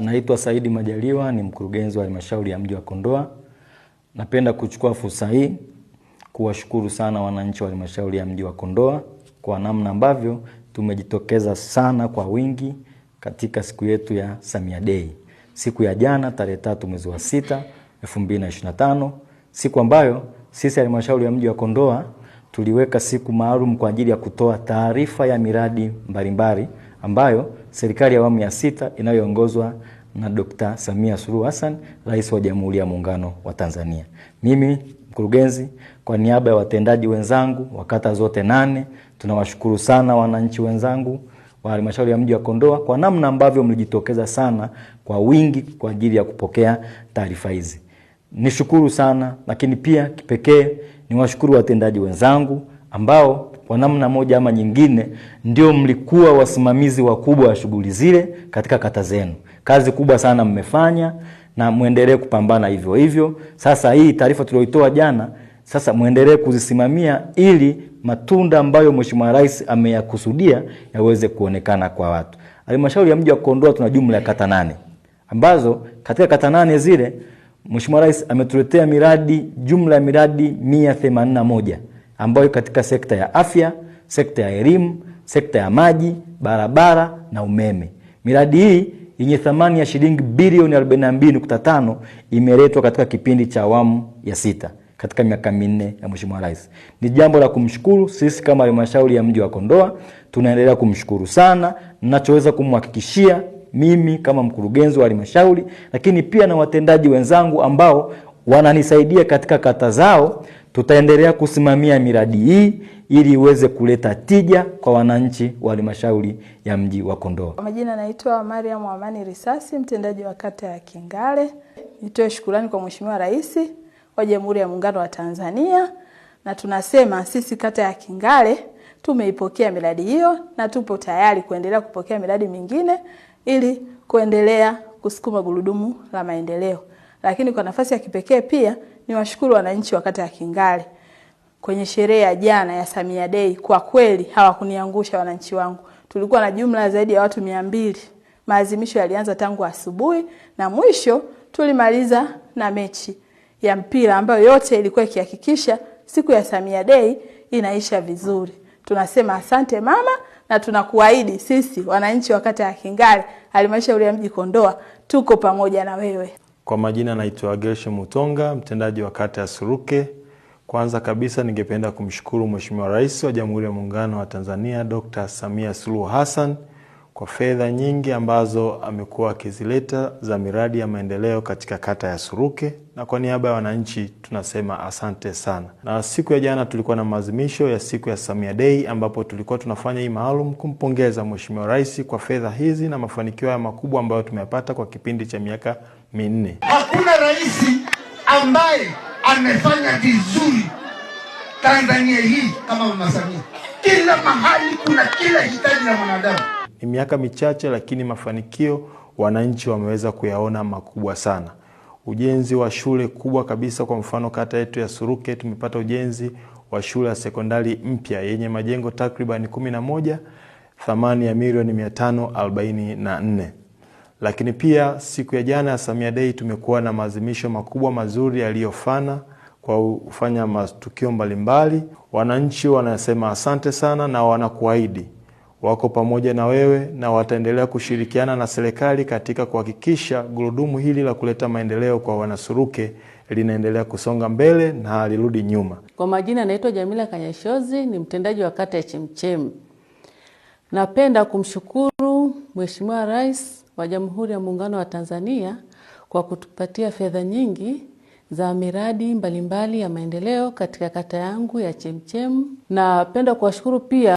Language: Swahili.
Naitwa Saidi Majaliwa, ni mkurugenzi wa halmashauri ya mji wa Kondoa. Napenda kuchukua fursa hii kuwashukuru sana wananchi wa halmashauri ya mji wa Kondoa kwa namna ambavyo tumejitokeza sana kwa wingi katika siku yetu ya Samia Day, siku ya jana tarehe tatu mwezi wa sita 2025, siku ambayo sisi halmashauri ya mji wa Kondoa tuliweka siku maalum kwa ajili ya kutoa taarifa ya miradi mbalimbali ambayo serikali ya awamu ya sita inayoongozwa na Dkt. Samia Suluhu Hassan, Rais wa Jamhuri ya Muungano wa Tanzania. Mimi mkurugenzi, kwa niaba ya watendaji wenzangu wa kata zote nane, tunawashukuru sana wananchi wenzangu wa halmashauri ya mji wa Kondoa kwa namna ambavyo mlijitokeza sana kwa wingi kwa ajili ya kupokea taarifa hizi. Nishukuru sana lakini pia kipekee niwashukuru watendaji wenzangu ambao kwa namna moja ama nyingine ndio mlikuwa wasimamizi wakubwa wa shughuli zile katika kata zenu. Kazi kubwa sana mmefanya na muendelee kupambana hivyo hivyo. Sasa hii taarifa tulioitoa jana, sasa muendelee kuzisimamia ili matunda ambayo Mheshimiwa Rais ameyakusudia yaweze kuonekana kwa watu. Halmashauri ya mji wa Kondoa tuna jumla ya kata nane ambazo katika kata nane zile Mheshimiwa Rais ametuletea miradi jumla ya miradi 181 ambayo katika sekta ya afya, sekta ya elimu, sekta ya maji, barabara na umeme. Miradi hii yenye thamani ya shilingi bilioni 42.5 imeletwa katika kipindi cha awamu ya sita katika miaka minne ya Mheshimiwa Rais. Ni jambo la kumshukuru. Sisi kama halmashauri ya mji wa Kondoa tunaendelea kumshukuru sana. Nachoweza kumhakikishia mimi kama mkurugenzi wa halmashauri, lakini pia na watendaji wenzangu ambao wananisaidia katika kata zao Tutaendelea kusimamia miradi hii ili iweze kuleta tija kwa wananchi wa halmashauri ya mji wa Kondoa. Kwa majina naitwa Mariam Amani Risasi, mtendaji wa kata ya Kingale. Nitoe shukurani kwa Mheshimiwa Rais wa Jamhuri ya Muungano wa Tanzania, na tunasema sisi kata ya Kingale tumeipokea miradi hiyo na tupo tayari kuendelea kupokea miradi mingine ili kuendelea kusukuma gurudumu la maendeleo. Lakini kwa nafasi ya kipekee pia Niwashukuru wananchi wa kata ya Kingale kwenye sherehe ya jana ya Samia Day, kwa kweli hawakuniangusha wananchi wangu. Tulikuwa na jumla zaidi ya watu mia mbili. Maazimisho yalianza tangu asubuhi na mwisho tulimaliza na mechi ya mpira ambayo yote ilikuwa ikihakikisha siku ya Samia Day inaisha vizuri. Tunasema asante mama, na tunakuahidi sisi wananchi wa kata ya Kingale, halmashauri ya mji Kondoa, tuko pamoja na wewe. Kwa majina naitwa Gershi Mutonga, mtendaji wa kata ya Suruke. Kwanza kabisa ningependa kumshukuru Mheshimiwa Rais wa Jamhuri ya Muungano wa Tanzania Dr. Samia Suluhu Hassan kwa fedha nyingi ambazo amekuwa akizileta za miradi ya maendeleo katika kata ya Suruke, na kwa niaba ya wananchi tunasema asante sana. Na siku ya jana tulikuwa na maadhimisho ya siku ya Samia Day, ambapo tulikuwa tunafanya hii maalum kumpongeza Mheshimiwa Rais kwa fedha hizi na mafanikio haya makubwa ambayo tumeyapata kwa kipindi cha miaka minne. Hakuna rais ambaye amefanya vizuri Tanzania hii kama Mama Samia. Kila mahali kuna kila hitaji la mwanadamu. Ni miaka michache, lakini mafanikio wananchi wameweza kuyaona makubwa sana. Ujenzi wa shule kubwa kabisa, kwa mfano kata yetu ya Suruke tumepata ujenzi wa shule ya sekondari mpya yenye majengo takribani kumi na moja thamani ya milioni 544. Lakini pia siku ya jana ya Samia Day tumekuwa na maadhimisho makubwa mazuri yaliyofana kwa kufanya matukio mbalimbali. Wananchi wanasema asante sana na wanakuahidi wako pamoja na wewe na wataendelea kushirikiana na serikali katika kuhakikisha gurudumu hili la kuleta maendeleo kwa wanasuruke linaendelea kusonga mbele na halirudi nyuma. Kwa majina, naitwa Jamila Kanyashozi, ni mtendaji wa kata ya Chemchem. Napenda kumshukuru Mheshimiwa Rais wa Jamhuri ya Muungano wa Tanzania kwa kutupatia fedha nyingi za miradi mbalimbali mbali ya maendeleo katika kata yangu ya Chemchem. Napenda kuwashukuru pia